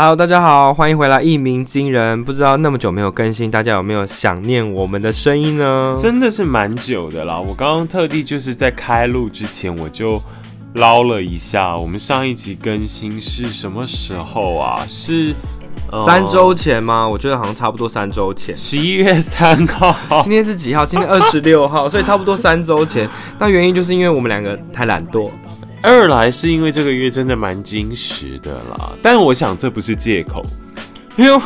Hello，大家好，歡迎回來！一鳴驚人，不知道那麼久沒有更新，大家有沒有想念我們的聲音呢？真的是蠻久的啦，我剛剛特地就是在開錄之前，我就撈了一下，我們上一集更新是什麼時候啊？是、呃、三週前嗎？我覺得好像差不多三週前，十一月三號。今天是幾號？今天二十六號， 所以差不多三週前。那原因就是因為我們兩個太懶惰。二來是因為這個月真的蠻精實的啦，但我想這不是借口。哎呦，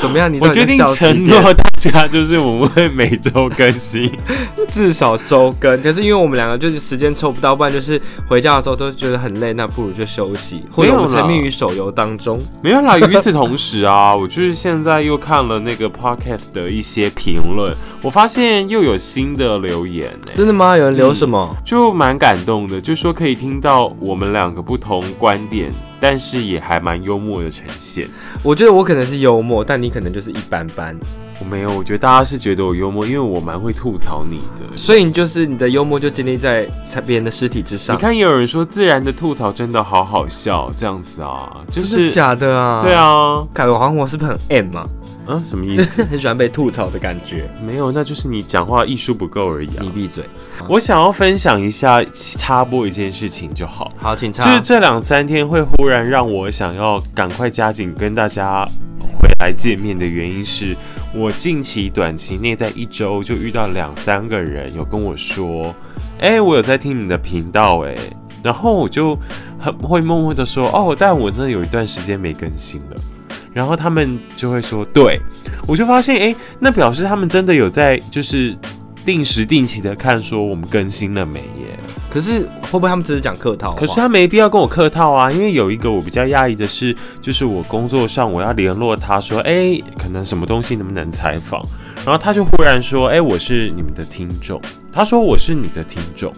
怎麼樣？你我決定承諾。他、啊、就是我們會每周更新， 至少周更。可是因為我們兩個就是時間抽不到，不然就是回家的時候都覺得很累，那不如就休息。所以我沉迷於手遊當中沒，沒有啦。與此同時啊， 我就是現在又看了那個 Podcast 的一些評論，我發現又有新的留言、欸。真的嗎？有人留什麼？嗯、就蠻感動的，就說可以聽到我們兩個不同觀點，但是也還蠻幽默的呈現。我覺得我可能是幽默，但你可能就是一般般。我沒有，我覺得大家是覺得我幽默，因為我蠻會吐槽你的，所以你就是你的幽默就建立在別人的屍體之上。你看，有人說自然的吐槽真的好好笑，這樣子啊，就是，是假的啊。對啊，凱我好像我是，不是很 M 嘛、啊，嗯、啊，什麼意思？ 很喜歡被吐槽的感覺。沒有，那就是你講話藝術不夠而已、啊。你閉嘴。啊、我想要分享一下插播一件事情就好。好，請插。就是這兩三天會忽然讓我想要趕快加緊跟大家回來見面的原因是。我近期短期內在一週就遇到兩三個人有跟我說，哎、欸，我有在聽你的頻道，哎，然後我就很會默默的說，哦，但我真的有一段時間沒更新了，然後他們就會說，對，我就發現，哎、欸，那表示他們真的有在就是定時定期的看，說我們更新了沒耶。可是會不會他們只是講客套？可是他沒必要跟我客套啊，因為有一個我比較訝異的是，就是我工作上我要聯絡他說，哎、欸，可能什麼東西能不能採訪，然後他就忽然說，哎、欸，我是你們的聽眾。他說我是你的聽眾。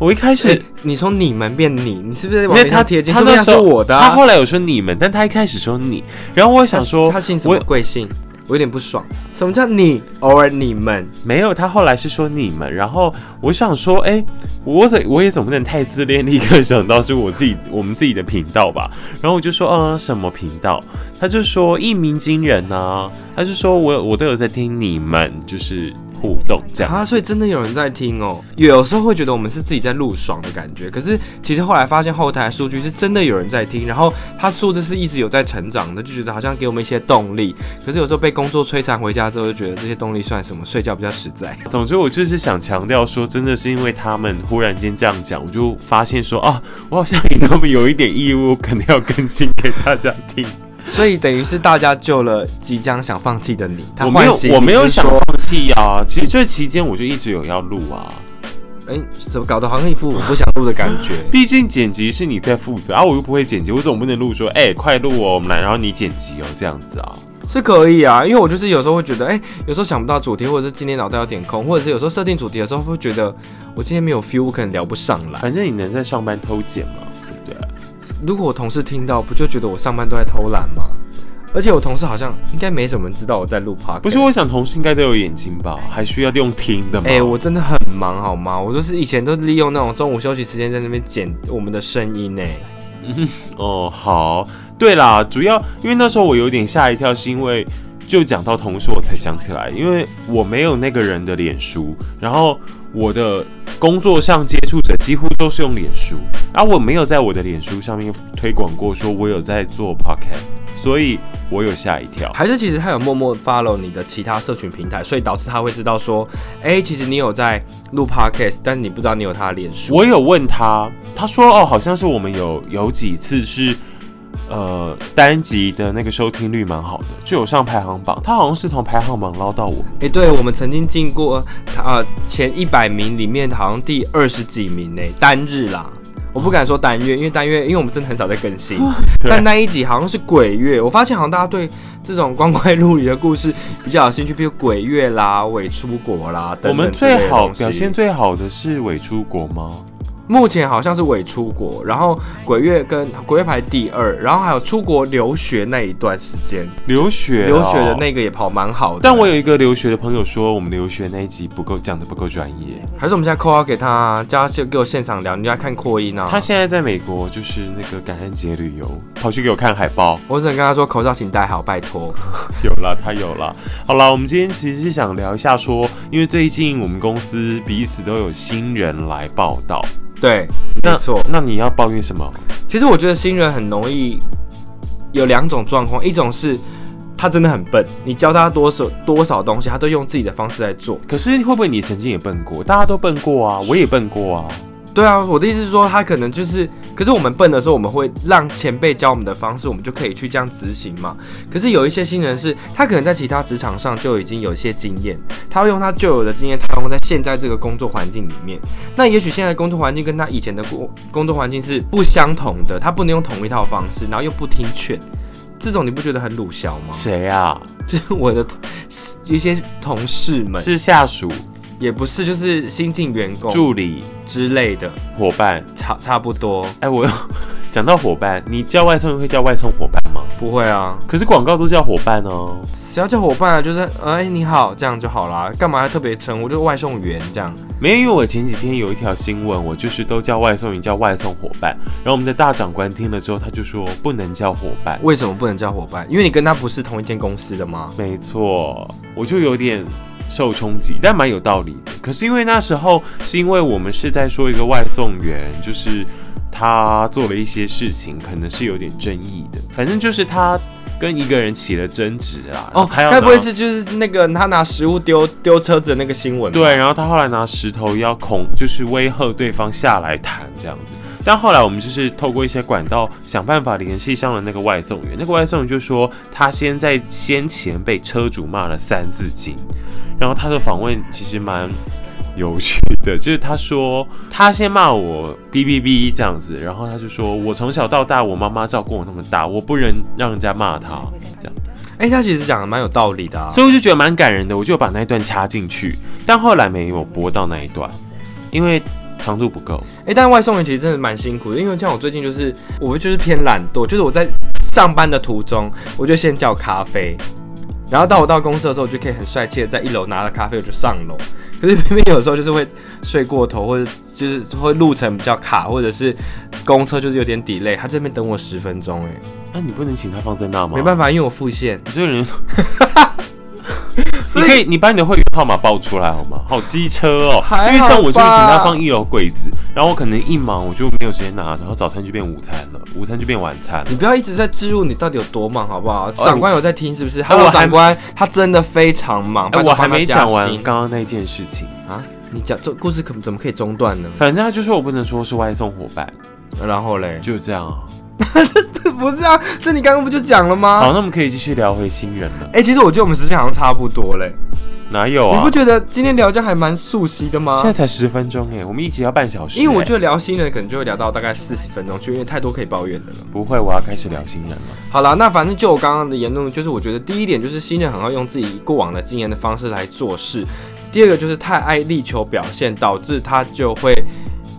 我一開始、欸、你從你們變你，你是不是？因為他貼的金是我的。他後來有說你們，但他一開始說你，然後我想說，他，他姓什麼？貴姓？我有點不爽。什麼叫你，偶爾你們？沒有，他後來是說你們。然後我想說，哎、欸，我怎我也總不能太自戀，立刻想到是我自己，我們自己的頻道吧。然後我就說，嗯，什麼頻道？他就說一鳴驚人吶、啊。他就說我我都有在聽你們，就是。互動這樣啊，所以真的有人在聽哦。有時候會覺得我們是自己在錄爽的感覺，可是其實後來發現後台數據是真的有人在聽，然後它數字是一直有在成長的，就覺得好像給我們一些動力。可是有時候被工作摧殘回家之後，就覺得這些動力算什麼？睡覺比較實在。總之，我就是想強調說，真的是因為他們忽然間這樣講，我就發現說啊，我好像也那麼有一點義務，肯定要更新給大家聽。所以等於是大家救了即將想放棄的你。他，我沒有，我沒有想放棄啊！其實這期間我就一直有要錄啊。哎、欸，怎麼搞得好像一副我不想錄的感覺？ 畢竟剪輯是你在負責啊，我又不會剪輯，我總不能錄說，哎、欸，快錄哦，我們來，然後你剪輯哦，這樣子啊、哦，是可以啊。因為我就是有時候會覺得，哎、欸，有時候想不到主題，或者是今天腦袋有點空，或者是有時候設定主題的時候會，會覺得，我今天沒有 feel，我可能聊不上來。反正你能在上班偷剪嗎？如果我同事聽到，不就覺得我上班都在偷懶嗎？而且我同事好像應該沒什麼人知道我在錄 park 不是，我想同事應該都有眼睛吧，還需要用聽的嗎？哎、欸，我真的很忙，好嗎？我就是以前都是利用那種中午休息時間在那邊剪我們的聲音呢。哦、 呃，好。對啦，主要因為那時候我有點嚇一跳，是因為就講到同事我才想起來，因為我沒有那個人的臉書，然後我的。工作上接觸者幾乎都是用臉書，而、啊、我沒有在我的臉書上面推廣過，說我有在做 podcast，所以我有嚇一跳。還是其實他有默默 follow 你的其他社群平台，所以導致他會知道說，誒、欸，其實你有在錄 podcast，但是你不知道你有他的臉書。我有問他，他說，哦，好像是我們有有幾次是。呃，單集的那個收聽率蠻好的，就有上排行榜，它好像是從排行榜撈到我們。哎、欸，對，我們曾經進過啊、呃、前一百名裡面，好像第二十幾名誒、欸，單日啦，我不敢說單月，因為單月因為我們真的很少在更新，哦、但那一集好像是鬼月，我發現好像大家對這種光怪陸離的故事比較有興趣，比如鬼月啦、偽出國啦等等。我們最好表現最好的是偽出國嗎？目前好像是未出國，然後鬼月跟鬼月排第二，然後還有出國留學那一段時間，留學、哦、留學的那個也跑蠻好的。但我有一個留學的朋友說，我們留學那一集不夠講得不夠專業，還是我們現在 call out 給他、啊，叫他先給我現場聊，你要看擴音啊。他現在在美國，就是那個感恩節旅遊，跑去給我看海報。我只能跟他說口罩請戴好，拜託。有了，他有了。 好了，我們今天其實是想聊一下說。因為最近我們公司彼此都有新人來報到，對，那沒錯錯。那你要抱怨什麼？其實我覺得新人很容易有兩種狀況，一種是他真的很笨，你教他多少多少東西，他都用自己的方式來做。可是會不會你曾經也笨過？大家都笨過啊，我也笨過啊。對啊，我的意思是說，他可能就是，可是我們笨的時候，我們會讓前輩教我們的方式，我們就可以去這樣執行嘛。可是有一些新人是，他可能在其他職場上就已經有一些經驗，他會用他舊有的經驗套用在現在這個工作環境裡面。那也許現在的工作環境跟他以前的工工作環境是不相同的，他不能用同一套方式，然後又不聽勸，這種你不覺得很魯小嗎？誰啊？就是我的一些同事們，是下屬。也不是，就是新進員工、助理之類的夥伴，差差不多。哎、欸，我講到夥伴，你叫外送會叫外送夥伴嗎？不會啊，可是廣告都叫夥伴哦。誰要叫夥伴啊？就是哎、欸，你好，這樣就好啦。幹嘛要特別稱？我就外送員這樣。沒有，因為我前幾天有一條新聞，我就是都叫外送員叫外送夥伴。然後我們的大長官聽了之後，他就說不能叫夥伴。為什麼不能叫夥伴？因為你跟他不是同一間公司的嗎？沒錯，我就有點。受衝擊，但蠻有道理的。可是因為那時候，是因為我們是在說一個外送員，就是他做了一些事情，可能是有點爭議的。反正就是他跟一個人起了爭執啦。哦，該不會是就是那個他拿食物丟丟車子的那個新聞？對，然後他後來拿石頭要恐，就是威嚇對方下來談這樣子。但後來我們就是透過一些管道想辦法聯繫上了那個外送員，那個外送員就說他先在先前被車主罵了三字經，然後他的訪問其實蠻有趣的，就是他說他先罵我嗶嗶嗶這樣子，然後他就說我從小到大我媽媽照顧我那麼大，我不能讓人家罵他這樣，哎，他其實講的蠻有道理的，啊，所以我就覺得蠻感人的，我就把那一段插進去，但後來沒有播到那一段，因為。長度不夠，哎、欸，但外送員其實真的蠻辛苦的，因為像我最近就是，我就是偏懶惰，就是我在上班的途中，我就先叫咖啡，然後到我到公司的時候，我就可以很帥氣的在一樓拿了咖啡，我就上樓。可是偏偏有時候就是會睡過頭，或者就是會路程比較卡，或者是公車就是有點 delay，他這邊等我十分鐘、欸，哎，那你不能請他放在那嗎？沒辦法，因為我付現，所以人。 你可以，你把你的會員號碼報出來好嗎？好機車哦、喔，因為像我就是請他放一樓櫃子，然後我可能一忙我就沒有時間拿，然後早餐就變午餐了，午餐就變晚餐了。你不要一直在置入你到底有多忙，好不好？呃、長官有在聽，是不是？呃、我還我長官他真的非常忙。呃、我還沒講、呃、完剛剛那件事情啊！你講這故事可怎麼可以中斷呢？反正他就說我不能說是外送夥伴，然後嘞就這樣。 不是啊，這你剛剛不就講了嗎？好，那我們可以繼續聊回新人了。哎、欸，其實我覺得我們時間好像差不多嘞。哪有啊？你不覺得今天聊天還蠻熟悉的嗎？現在才十分鐘哎，我們一起要半小時，因為我覺得聊新人可能就會聊到大概四十分鐘，就因為太多可以抱怨的了。不會，我要開始聊新人了。好了，那反正就我剛剛的言論，就是我覺得第一點就是新人很好用自己過往的經驗的方式來做事，第二個就是太愛力求表現，導致他就會。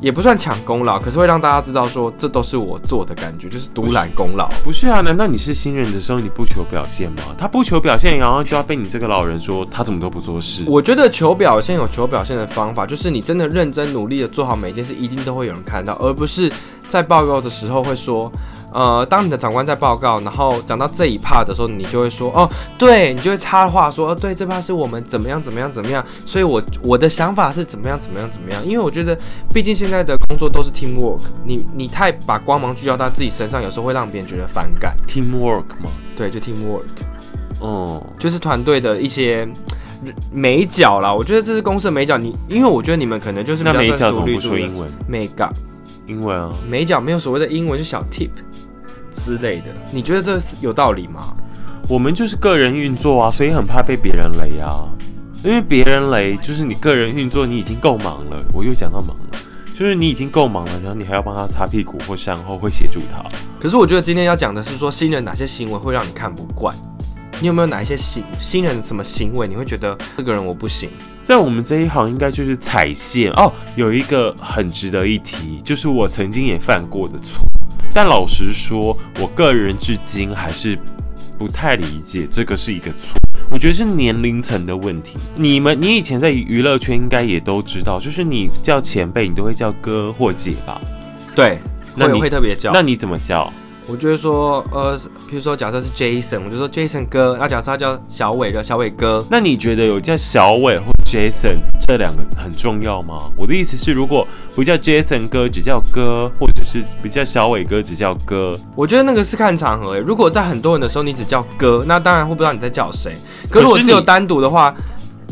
也不算搶功勞，可是會讓大家知道說這都是我做的感覺，就是獨攬功勞不。不是啊？難道你是新人的時候你不求表現嗎？他不求表現，然後就要被你這個老人說他怎麼都不做事？我覺得求表現有求表現的方法，就是你真的認真努力的做好每一件事，一定都會有人看到，而不是在報告的時候會說。呃，當你的長官在報告，然後講到這一 part 的時候，你就會說，哦，對，你就會插話，說，哦，對，這 part 是我們怎麼樣，怎麼樣，怎麼樣，所以我我的想法是怎麼樣，怎麼樣，怎麼樣，因為我覺得，畢竟現在的工作都是 team work，你你太把光芒聚焦到自己身上，有時候會讓別人覺得反感。team work 嗎？對，就 team work，哦，嗯、就是團隊的一些眉角啦，我覺得這是公司的眉角，你，因為我覺得你們可能就是那眉角怎麼不說英文？眉角。英文啊，沒講，沒有所謂的英文，就是、小 tip 之類的。你覺得這是有道理嗎？我們就是個人運作啊，所以很怕被別人雷啊。因為別人雷，就是你個人運作，你已經夠忙了。我又講到忙了，就是你已經夠忙了，然後你還要幫他擦屁股或善後，會協助他。可是我覺得今天要講的是說，新人哪些行為會讓你看不慣。你有沒有哪一些新新人的什麼行為，你會覺得這個人我不行？在我們這一行，應該就是踩線哦。Oh, 有一個很值得一提，就是我曾經也犯過的錯。但老實說，我個人至今還是不太理解這個是一個錯。我覺得是年齡層的問題。你們，你以前在娛樂圈應該也都知道，就是你叫前輩，你都會叫哥或姐吧？對，那你會特別叫那。那你怎麼叫？我覺得說，呃，譬如說，假設是 Jason，我就說 Jason 哥。那假設他叫小偉，叫小偉哥。那你覺得有叫小偉或 Jason 這兩個很重要嗎？我的意思是，如果不叫 Jason 哥，只叫哥，或者是不叫小偉哥，只叫哥，我覺得那個是看場合。如果在很多人的時候，你只叫哥，那當然會不知道你在叫誰。可是我只有單獨的話，可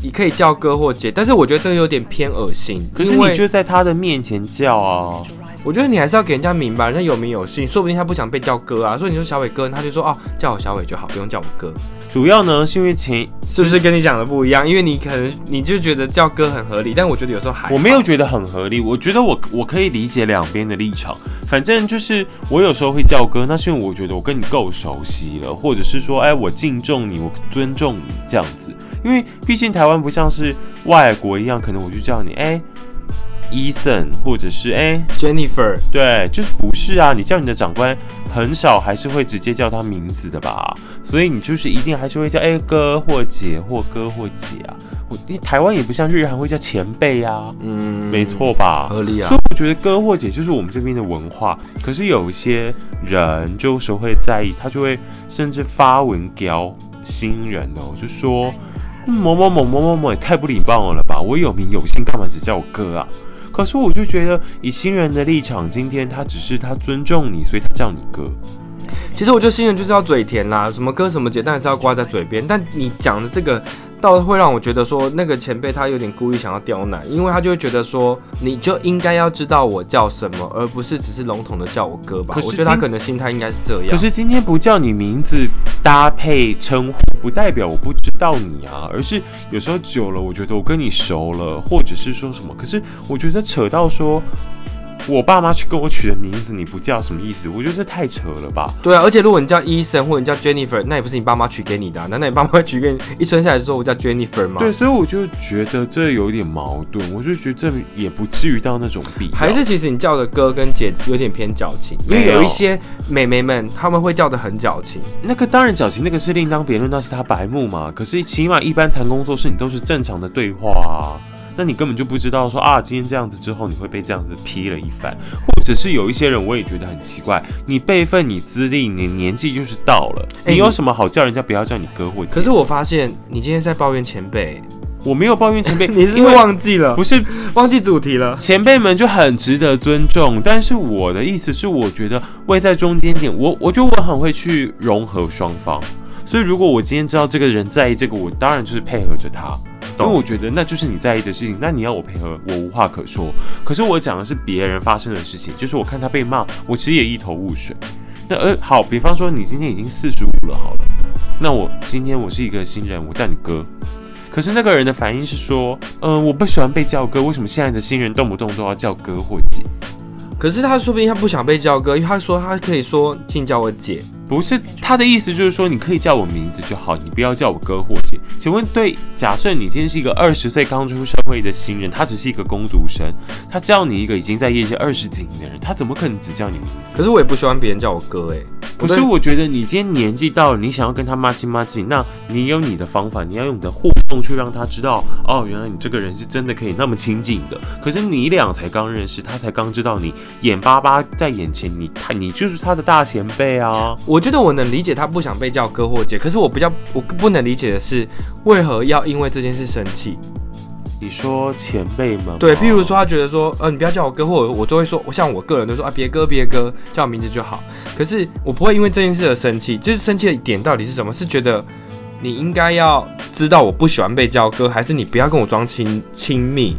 你可以叫哥或姐，但是我覺得這個有點偏噁心。為可是你就在他的面前叫啊。我覺得你還是要給人家明白，人家有名有姓，說不定他不想被叫哥啊。所以你說小偉哥，他就說哦，叫我小偉就好，不用叫我哥。主要呢是因為情，是不是跟你講的不一樣？因為你可能你就覺得叫哥很合理，但我覺得有時候還我沒有覺得很合理。我覺得我我可以理解兩邊的立場。反正就是我有時候會叫哥，那是因為我覺得我跟你夠熟悉了，或者是說哎，我敬重你，我尊重你這樣子。因為畢竟台灣不像是外國一樣，可能我就叫你哎。Eason 或者是哎、欸、Jennifer，對，就是不是啊？你叫你的長官，很少還是會直接叫他名字的吧？所以你就是一定還是會叫哎哥、欸、或姐或哥或姐啊。我、欸、台灣也不像日韓會叫前輩呀、啊，嗯，沒錯吧？合理啊。所以我覺得哥或姐就是我們這邊的文化。可是有一些人就是會在意，他就會甚至發文屌新人的，我就說、嗯、某某某某某某也太不禮貌了吧？我有名有姓，幹嘛只叫我哥啊？可是我就覺得，以新人的立場，今天他只是他尊重你，所以他叫你哥。其實我覺得新人就是要嘴甜啦，什麼哥什麼姐，但還是要掛在嘴邊。但你講的這個。倒是會讓我覺得說，那個前輩他有點故意想要刁難，因為他就會覺得說，你就應該要知道我叫什麼，而不是只是籠統的叫我哥吧。是我覺得他可能心態應該是這樣。可是今天不叫你名字搭配稱呼，不代表我不知道你啊，而是有時候久了，我覺得我跟你熟了，或者是說什麼。可是我覺得扯到說。我爸媽去給我取的名字，你不叫什麼意思？我覺得這太扯了吧。對啊，而且如果你叫伊森，或者你叫 Jennifer，那也不是你爸媽取給你的啊。難道你爸媽取給你一生下來就說我叫 Jennifer 嗎？對，所以我就覺得這有點矛盾。我就覺得這也不至於到那種地步。還是其實你叫的哥跟姐有點偏矯情，因為有一些妹妹們有他們會叫的很矯情。那個當然矯情，那個是另當別論，那是他白目嘛。可是起碼一般談工作是你都是正常的對話啊。那你根本就不知道說啊，今天這樣子之後，你會被這樣子批了一番，或者是有一些人我也覺得很奇怪，你輩分、你資歷、你年紀就是到了，欸、你，你有什麼好叫人家不要叫你哥或姐？可是我發現你今天在抱怨前輩，我沒有抱怨前輩，你是因為，因為忘記了，不是忘記主題了。前輩們就很值得尊重，但是我的意思是，我覺得位在中間點，我我覺得我很會去融合雙方，所以如果我今天知道這個人在意這個，我當然就是配合着他。因為我覺得那就是你在意的事情，那你要我配合，我無話可說。可是我講的是別人發生的事情，就是我看他被罵，我其實也一頭霧水。那呃，好，比方說你今天已經四十五了，好了，那我今天我是一個新人，我叫你哥。可是那個人的反應是說，嗯、呃，我不喜歡被叫哥，為什麼現在的新人動不動都要叫哥或姐？可是他說不定他不想被叫哥，因為他說他可以說，請叫我姐。不是，他的意思就是說你可以叫我名字就好，你不要叫我哥或姐。請問，對，假設你今天是一個二十歲剛出社會的新人，他只是一個工讀生，他叫你一個已經在業界二十幾年的人，他怎麼可能只叫你名字？可是我也不喜歡別人叫我哥、欸，哎，不是，我覺得你今天年紀到了，你想要跟他麻吉麻吉，那你有你的方法，你要用你的貨。去讓他知道，哦，原來你這個人是真的可以那麼親近的。可是你倆才剛認識，他才剛知道你眼巴巴在眼前，你，你就是他的大前輩啊。我覺得我能理解他不想被叫哥或姐，可是我比較，我不能理解的是，為何要因為這件事生氣？你說前輩們，對，譬如說他覺得說，呃，你不要叫我哥或者我，我都會說，我像我個人都說啊，別哥，別哥，叫我名字就好。可是我不會因為這件事而生氣，就是生氣的點到底是什麼？是覺得。你應該要知道我不喜歡被叫哥，還是你不要跟我裝親親密，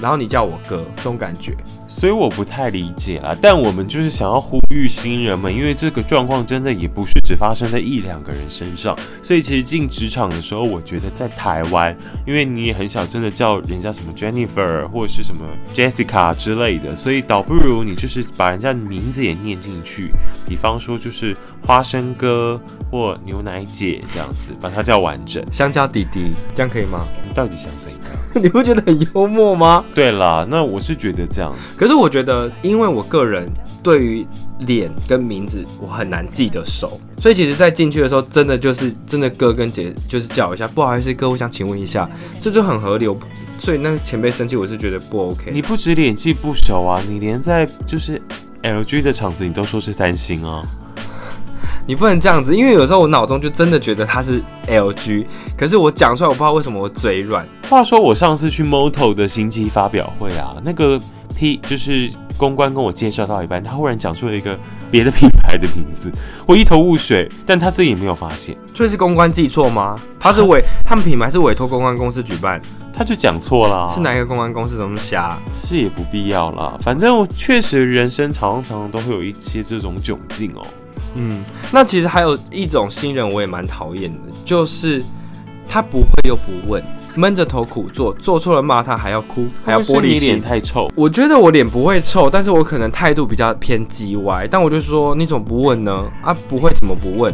然後你叫我哥這種感覺。所以我不太理解啦，但我們就是想要呼籲新人們，因為這個狀況真的也不是只發生在一兩個人身上。所以其實進職場的時候，我覺得在台灣，因為你也很少真的叫人家什麼 Jennifer 或者是什麼 Jessica 之類的，所以倒不如你就是把人家名字也念進去，比方說就是。花生哥或牛奶姐這樣子，把它叫完整。香蕉弟弟，這樣可以嗎？你到底想怎樣？ 你不覺得很幽默嗎？對啦，那我是覺得這樣子。可是我覺得，因為我個人對於臉跟名字，我很難記得熟，所以其實，在進去的時候，真的就是真的哥跟姐，就是叫一下。不好意思，哥，我想請問一下，這就很合理。我所以那個前輩生氣，我是覺得不 OK。你不止臉記不熟啊，你連在就是 LG 的場子，你都說是三星啊。你不能這樣子，因為有時候我腦中就真的覺得它是 LG，可是我講出來，我不知道為什麼我嘴軟。話說我上次去 Moto 的新機發表會啊，那個 P 就是公關跟我介紹到一半，他忽然講出了一個別的品牌的名字，我一頭霧水，但他自己也沒有發現，這是公關記錯嗎？他是委 他們品牌是委托公關公司舉辦，他就講錯了，是哪一個公關公司怎麼瞎啊？是也不必要了，反正我確實人生常常都會有一些這種窘境喔。嗯，那其實還有一種新人，我也蠻討厭的，就是他不會又不問，悶着頭苦做，做錯了罵他還要哭，還要玻璃心。你臉太臭？我覺得我臉不會臭，但是我可能態度比較偏嘰歪。但我就說，你怎麼不問呢？啊，不會怎麼不問？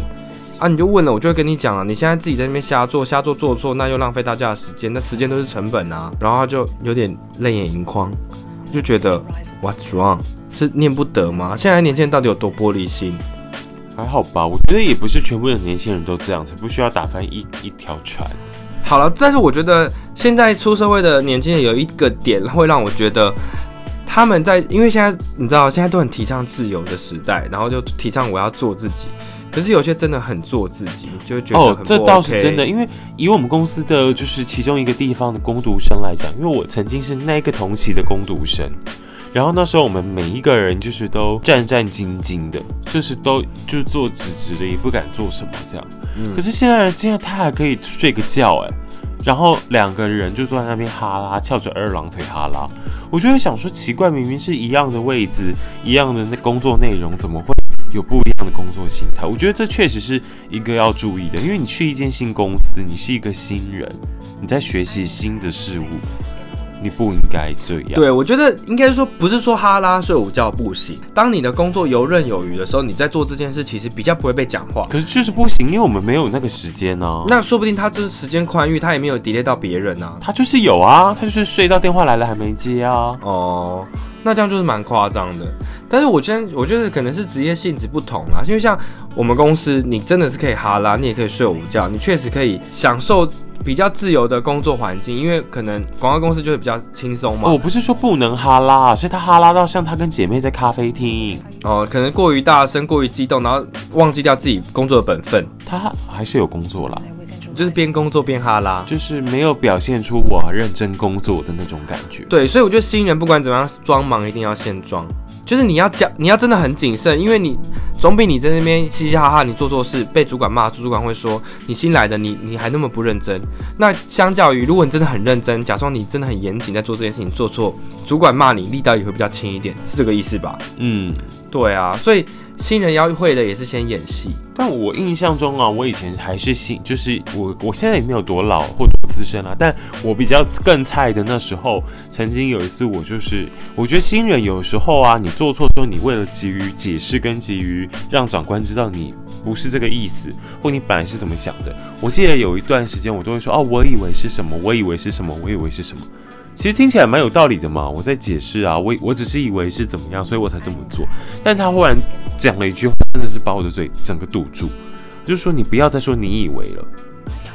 啊，你就問了，我就會跟你講啊，你現在自己在那邊瞎做，瞎做做錯，那又浪費大家的時間，那時間都是成本啊。然後他就有點淚眼盈眶，就覺得 What's wrong？是念不得嗎？現在年輕人到底有多玻璃心？還好吧，我覺得也不是全部的年輕人都這樣子，不需要打翻一一條船。好了，但是我覺得現在出社會的年輕人有一個點會讓我覺得，他們在因為現在你知道現在都很提倡自由的時代，然後就提倡我要做自己。可是有些真的很做自己，就會覺得、OK、哦，這倒是真的，因為以我們公司的就是其中一個地方的工讀生來講，因為我曾經是那個同期的工讀生。然後那時候我們每一個人就是都戰戰兢兢的，就是都就坐直直的，也不敢做什麼這樣。嗯。可是現在竟然他還可以睡個覺哎！然後兩個人就坐在那邊哈拉，翹着二郎腿哈拉，我就會想說奇怪，明明是一樣的位置，一樣的那工作內容，怎麼會有不一樣的工作心態？我覺得這確實是一個要注意的，因為你去一間新公司，你是一個新人，你在學習新的事物。你不應該這樣。對，我覺得應該說不是說哈拉睡午覺不行。當你的工作游刃有餘的時候，你在做這件事其實比較不會被講話。可是確實不行，因為我們沒有那個時間呢、啊。那說不定他這時間寬裕，他也沒有 delay 到別人呢、啊。他就是有啊，他就是睡到電話來了還沒接啊。哦，oh, 那這樣就是蠻誇張的。但是我覺得，我覺得可能是職業性質不同啊，因為像我們公司，你真的是可以哈拉，你也可以睡午覺，你確實可以享受比較自由的工作環境，因為可能廣告公司就會比較輕鬆嘛。我、哦、不是說不能哈拉，是他哈拉到像他跟姐妹在咖啡廳哦，可能過於大聲、過於激動，然後忘記掉自己工作的本分。他還是有工作啦，就是邊工作邊哈拉，就是沒有表現出我認真工作的那種感覺。對，所以我覺得新人不管怎麼樣，裝忙一定要先裝，就是你要講，你要真的很謹慎，因為你。總比你在那邊嘻嘻哈哈，你做錯事被主管罵，主管會說你新來的你，你你還那麼不認真。那相較於，如果你真的很認真，假裝你真的很嚴謹在做這件事情，做錯主管罵你力道也會比較輕一點，是這個意思吧？嗯，對啊，所以。新人要會的也是先演戲，但我印象中啊，我以前還是新，就是我，我現在也沒有多老或多資深啊，但我比較更菜的那時候，曾經有一次，我就是我覺得新人有時候啊，你做錯之後，你為了急於解釋跟急於讓長官知道你不是這個意思，或你本來是怎麼想的，我記得有一段時間我都會說，哦、啊，我以為是什麼，我以為是什麼，我以為是什麼。其實聽起來蠻有道理的嘛，我在解釋啊，我我只是以為是怎麼樣，所以我才這麼做。但他忽然講了一句話，真的是把我的嘴整個堵住，就是說你不要再說你以為了。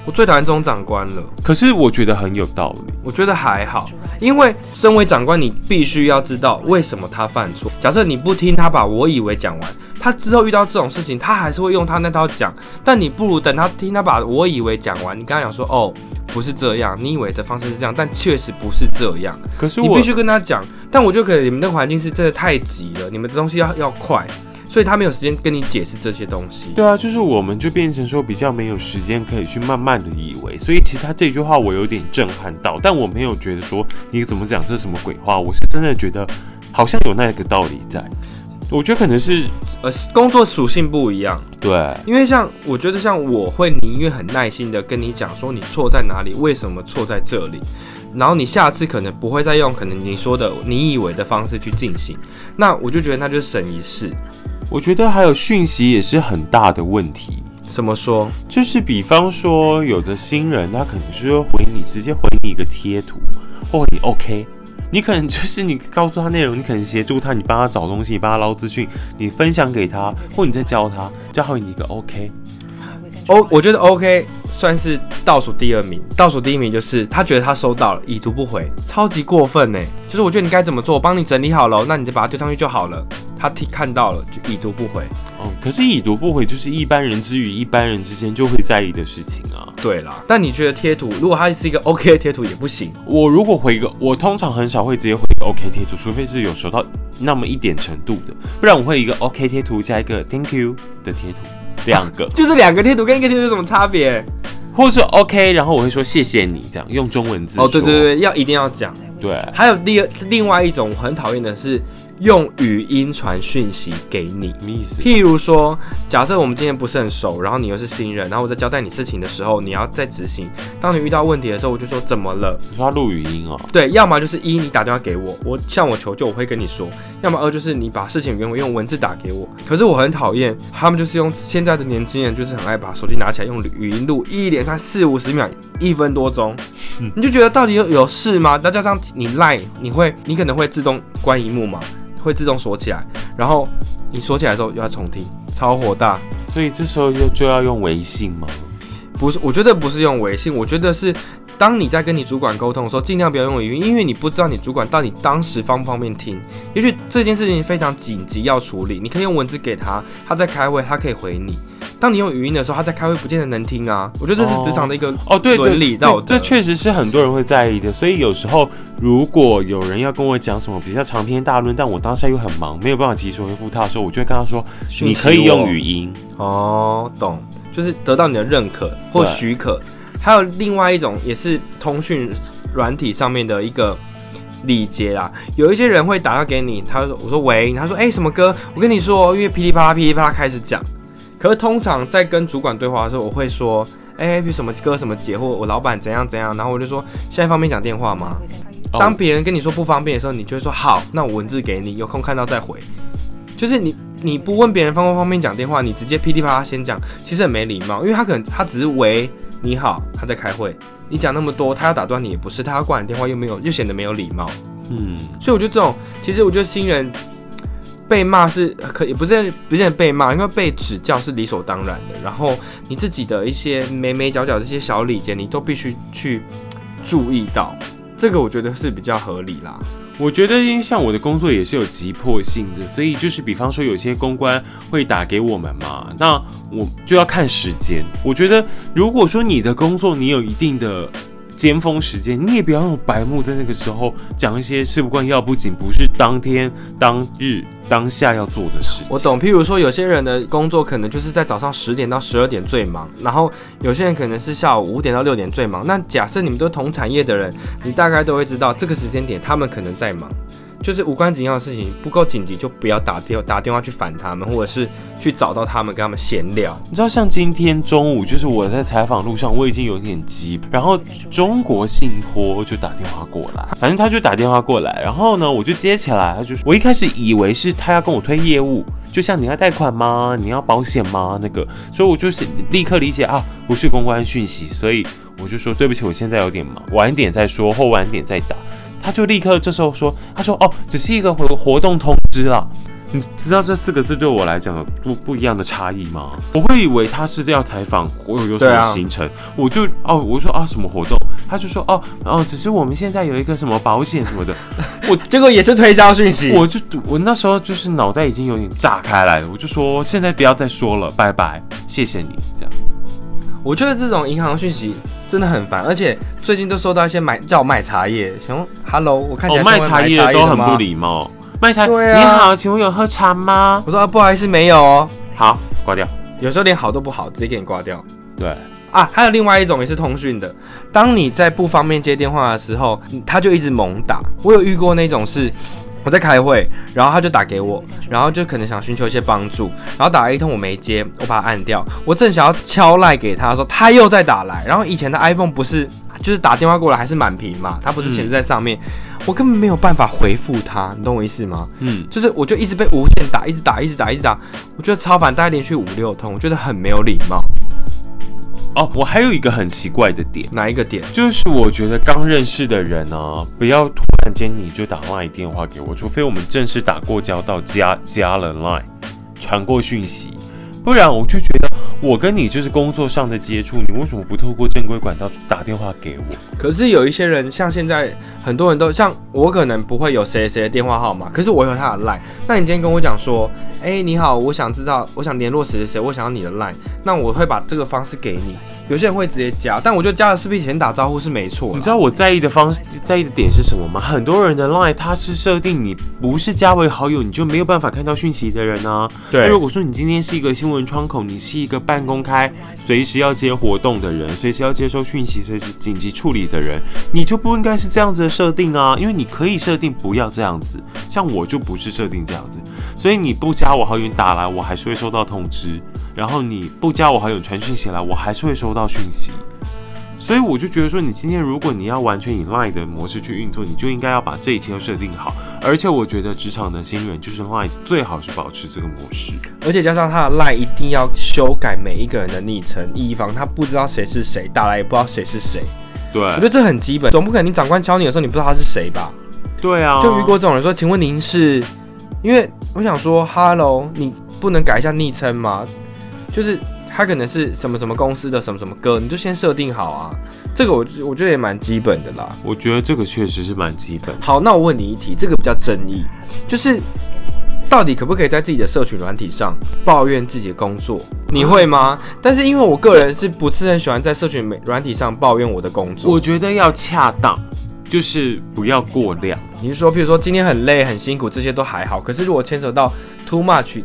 我最討厭這種長官了。可是我覺得很有道理。我覺得還好，因為身為長官，你必須要知道為什麼他犯錯。假設你不聽他把我以為講完，他之後遇到這種事情，他還是會用他那套講。但你不如等他聽他把我以為講完。你剛剛講說哦，不是這樣，你以為的方式是這樣，但確實不是這樣。可是我你必須跟他講。但我就覺得你們那個環境是真的太急了，你們的東西要要快。所以他沒有時間跟你解釋這些東西。對啊，就是我們就變成說比較沒有時間可以去慢慢的以為。所以其實他這句話我有點震撼到，但我沒有覺得說你怎麼講這是什麼鬼話，我是真的覺得好像有那個道理在。我覺得可能是呃工作屬性不一樣。對。因為像我覺得像我會寧願很耐心的跟你講說你錯在哪裡，為什麼錯在這裡，然後你下次可能不會再用可能你說的你以為的方式去進行。那我就覺得那就是省一事。我覺得還有訊息也是很大的問題。怎麼說？就是比方說，有的新人他可能就是回你，直接回你一個貼圖，或你 OK。你可能就是你告訴他內容，你可能協助他，你幫他找東西，幫他撈資訊，你分享給他，或你再教他，就回你一個 OK。哦，我覺得 OK 算是倒數第二名，倒數第一名就是他覺得他收到了，已讀不回，超級過分哎。就是我覺得你該怎麼做，我幫你整理好了，那你就把它丟上去就好了。他看到了就已讀不回，哦、嗯，可是已讀不回就是一般人之與一般人之間就會在意的事情啊。對啦，但你覺得貼圖，如果他是一個 OK 的貼圖也不行。我如果回一個，我通常很少會直接回個 OK 貼圖，除非是有熟到那麼一點程度的，不然我會一個 OK 貼圖加一個 Thank you 的貼圖，兩個、啊、就是兩個貼圖跟一個貼圖有什麼差別？或者 OK，然後我會說謝謝你這樣用中文字哦，對對對，要一定要講對。還有另外一種我很討厭的是。用語音傳訊息給你，什麼意思？譬如說，假設我們今天不是很熟，然後你又是新人，然後我在交代你事情的時候，你要再執行。當你遇到問題的時候，我就說怎麼了？你要錄語音哦、啊。對，要麼就是一，你打電話給我，我向我求救，我會跟你說；要麼二就是你把事情原委用文字打給我。可是我很討厭，他們就是用現在的年輕人就是很愛把手機拿起來用語音錄，一連上四五十秒，一分多鐘，嗯、你就覺得到底有有事嗎？那加上你賴，你會，你可能會自動關螢幕嗎？會自動鎖起來，然後你鎖起來的時候又要重聽，超火大。所以這時候又就要用微信嗎？不是，我覺得不是用微信。我覺得是當你在跟你主管溝通的時候，盡量不要用語音，因為你不知道你主管到底當時方不方便聽。也許這件事情非常緊急要處理，你可以用文字給他，他在開會他可以回你。當你用語音的時候，他在開會不見得能聽啊。我覺得這是職場的一個哦，對對，禮道，這確實是很多人會在意的。所以有時候如果有人要跟我講什麼比較長篇大論，但我當下又很忙，沒有辦法及時回復他的時候，我就會跟他說：“你可以用語音哦。”懂，就是得到你的認可或許可。還有另外一種，也是通訊軟體上面的一個禮節啦。有一些人會打到給你，他說：“我說喂。”他說：“哎，什麼哥？我跟你說，因為噼里啪啦、噼里啪啦開始講。”而通常在跟主管對話的時候，我會說，哎、欸，比什麼哥什麼姐，或我老板怎樣怎樣，然後我就說，現在方便講電話嗎？Oh. 當別人跟你說不方便的時候，你就會說好，那我文字給你，有空看到再回。就是你你不問別人方不方便講電話，你直接噼裡啪啦先講，其實很沒禮貌，因為他可能他只是喂你好，他在開會，你講那麼多，他要打斷你也不是，他要掛你電話又沒有，又顯得沒有禮貌。嗯，所以我覺得這種，其實我覺得新人。被罵是可以，不是不是被罵，因為被指教是理所當然的。然後你自己的一些眉眉角角這些小禮節，你都必須去注意到。這個我覺得是比較合理啦。我覺得因為像我的工作也是有急迫性的，所以就是比方說有些公關會打給我們嘛，那我就要看時間。我覺得如果說你的工作你有一定的。尖峰時間，你也不要用白目在那個時候講一些事不關要，不僅不是當天、當日、當下要做的事情。我懂，譬如說有些人的工作可能就是在早上十點到十二點最忙，然後有些人可能是下午五點到六點最忙。那假設你們都同產業的人，你大概都會知道這個時間點他們可能在忙。就是無關緊要的事情不夠緊急，就不要打電打電話去煩他們，或者是去找到他們跟他們閒聊。你知道，像今天中午，就是我在採訪路上，我已經有點急，然後中國信託就打電話過來，反正他就打電話過來，然後呢，我就接起來，他就我一開始以為是他要跟我推業務，就像你要貸款嗎？你要保險嗎？那個，所以我就是立刻理解啊，不是公關訊息，所以我就說對不起，我現在有點忙，晚一點再說，或晚一點再打。他就立刻這時候說，他說哦，只是一個活活動通知了，你知道這四個字對我來講有不不一樣的差異嗎？我會以為他是要採訪，我有什麼行程，啊、我就哦，我說啊什麼活動，他就說哦哦，只是我們現在有一個什麼保險什麼的，我這個 也是推銷訊息，我就我那時候就是腦袋已經有點炸開來了，我就說現在不要再說了，拜拜，謝謝你，這樣。我覺得這種銀行訊息真的很煩，而且最近都收到一些買叫賣茶葉，想說 Hello 我看起來是買茶葉的、哦、賣茶葉都很不禮貌、哦。賣茶葉，啊、你好，請問有喝茶嗎？我說、啊、不好意思，沒有、哦。好，掛掉。有時候連好都不好，直接給你掛掉。對啊，還有另外一種也是通訊的，當你在不方便接電話的時候，他就一直猛打。我有遇過那種是。我在開會，然後他就打給我，然後就可能想尋求一些幫助，然後打了一通我沒接，我把他按掉，我正想要敲賴給他，說他又在打來，然後以前的 iPhone 不是就是打電話過來還是滿屏嘛，他不是顯示在，在上面，嗯、我根本沒有辦法回復他，你懂我意思嗎？嗯，就是我就一直被無限打，一直打，一直打，一直打，一直打，我覺得超煩，大概連續五六通，我覺得很沒有禮貌。哦，我還有一個很奇怪的點，哪一個點？就是我覺得剛認識的人呢、啊，不要突然間你就打 line 電話給我，除非我們正式打過交道，加加了 line，傳過訊息，不然我就覺得。我跟你就是工作上的接觸，你為什麼不透過正規管道打電話給我？可是有一些人，像現在很多人都像我，可能不會有誰誰的電話號碼，可是我有他的 line。那你今天跟我講說，哎、欸，你好，我想知道，我想聯絡誰誰誰，我想要你的 line，那我會把這個方式給你。有些人會直接加，但我就加了視頻前打招呼是沒錯、啊。你知道我在意的方式，在意的點是什麼嗎？很多人的 line 它是設定你不是加為好友你就沒有辦法看到訊息的人呢、啊。對，如果說你今天是一個新聞窗口，你是一個。半公開，隨時要接活動的人，隨時要接收訊息，隨時緊急處理的人，你就不應該是這樣子的設定啊！因為你可以設定不要這樣子，像我就不是設定這樣子，所以你不加我好友打來，我還是會收到通知；然後你不加我好友傳訊息來，我還是會收到訊息。所以我就覺得說，你今天如果你要完全以 Line 的模式去運作，你就應該要把這一切都設定好。而且我覺得職場的新人就是 Line，最好是保持這個模式。而且加上他的 Line，一定要修改每一個人的昵稱，以防他不知道誰是誰，打來也不知道誰是誰。對，我覺得這很基本，總不可能你長官教你的時候，你不知道他是誰吧？對啊。就如果這種人說，請問您是因為我想說，hello，你不能改一下昵稱嗎？就是。他可能是什麼什麼公司的什麼什麼哥，你就先設定好啊。這個我我覺得也蠻基本的啦。我覺得這個確實是蠻基本。好，那我問你一題，這個比較爭議，就是到底可不可以在自己的社群軟體上抱怨自己的工作？你會嗎？嗯。但是因為我個人是不是很喜歡在社群軟體上抱怨我的工作，我覺得要恰當，就是不要過量。你說，譬如說今天很累很辛苦，這些都還好。可是如果牽扯到 too much。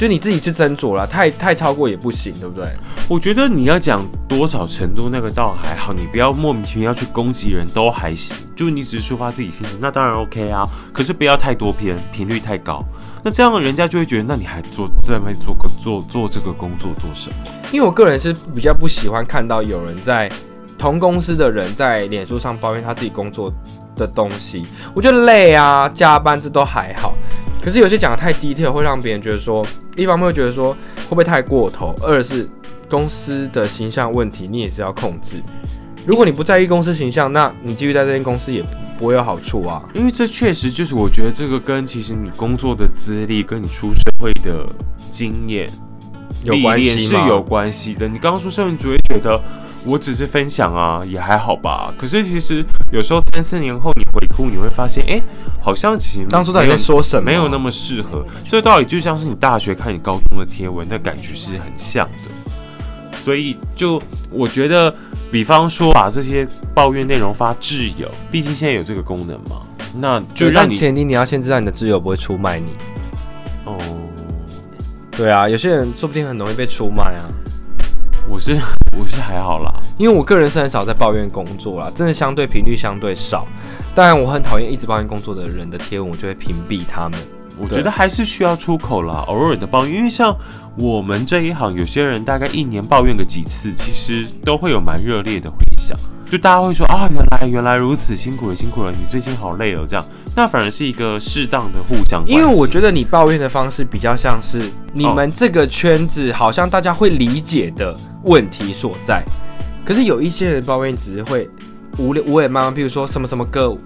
就你自己去斟酌啦，太太超過也不行，對不對？我覺得你要講多少程度那個倒還好，你不要莫名其妙要去攻擊人都還行，就是你只是抒發自己心情，那當然 OK 啊。可是不要太多篇，頻率太高，那這樣的人家就會覺得，那你還做在那邊做個做做這個工作做什麼？因為我個人是比較不喜歡看到有人在同公司的人在臉書上抱怨他自己工作的東西，我覺得累啊，加班這都還好。可是有些講得太 detail，會讓別人覺得說，一方面會覺得說會不會太過頭，二是公司的形象問題，你也是要控制。如果你不在意公司形象，那你繼續在這間公司也不會有好處啊。因為這確實就是我覺得這個跟其實你工作的資歷跟你出社會的經驗。有關係嗎？是有關係的。你剛出社會，會覺得我只是分享啊，也還好吧。可是其實有時候三四年後你回顧，你會發現，哎、欸，好像其實當初到底在說什麼、啊，沒有那麼適合。這個道理就像是你大學看你高中的貼文，那感覺是很像的。所以，就我覺得，比方說把這些抱怨內容發摯友，畢竟現在有這個功能嘛。那就讓，對，但前提你要先知道你的摯友不會出賣你。哦。對啊，有些人說不定很容易被出賣啊。我是我是還好啦，因為我個人是很少在抱怨工作啦，真的相對頻率相對少。但我很討厭一直抱怨工作的人的貼文，我就會屏蔽他們。我覺得還是需要出口啦，偶爾的抱怨，因為像我們這一行，有些人大概一年抱怨個幾次，其實都會有蠻熱烈的回。就大家會說啊，原來原來如此，辛苦了辛苦了，你最近好累了這樣，那反而是一個適當的互相。因為我覺得你抱怨的方式比較像是你們這個圈子好像大家會理解的問題所在，哦、可是有一些人抱怨只是會無無謂謾罵，譬如說什麼什麼哥，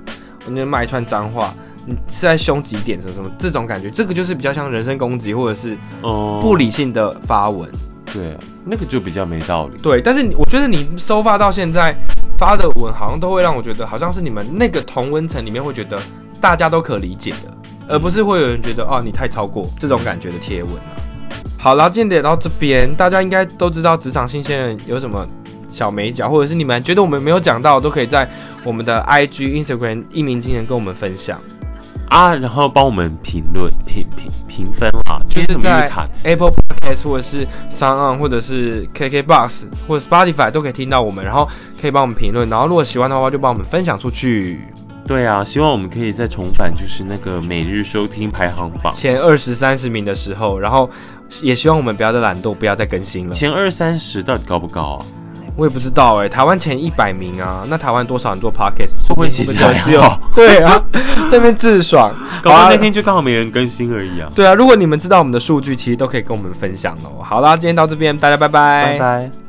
你就罵一串髒話，你是在兇幾點什麼什麼，這種感覺，這個就是比較像人身攻擊或者是不理性的發文。哦對、啊，那個就比較沒道理。對，但是我覺得你收發到現在發的文，好像都會讓我覺得，好像是你們那個同溫層裡面會覺得大家都可以理解的，而不是會有人覺得、嗯、哦，你太超過這種感覺的貼文、啊、好了今天點到這邊，大家應該都知道職場新鮮人有什麼小眉角，或者是你們覺得我們沒有講到，都可以在我們的 I G Instagram 羿旼驚人跟我們分享。啊，然後幫我們評論評評評分啊，就是，卡就是在 Apple Podcast 或者是 SoundOn 或者是 KK Box 或者是 Spotify 都可以聽到我們，然後可以幫我們評論，然後如果喜歡的話就幫我們分享出去。對啊，希望我們可以再重返就是那個每日收聽排行榜前二十三十名的時候，然後也希望我們不要再懶惰，不要再更新了。前二三十到底高不高啊？我也不知道哎、欸，台灣前一百名啊，那台灣多少人做 podcast？會不會其實只有 對啊，這邊 自爽，搞完那天就剛好沒人更新而已啊。對啊，如果你們知道我們的數據，其實都可以跟我們分享哦。好啦，今天到這邊，大家拜拜，拜拜。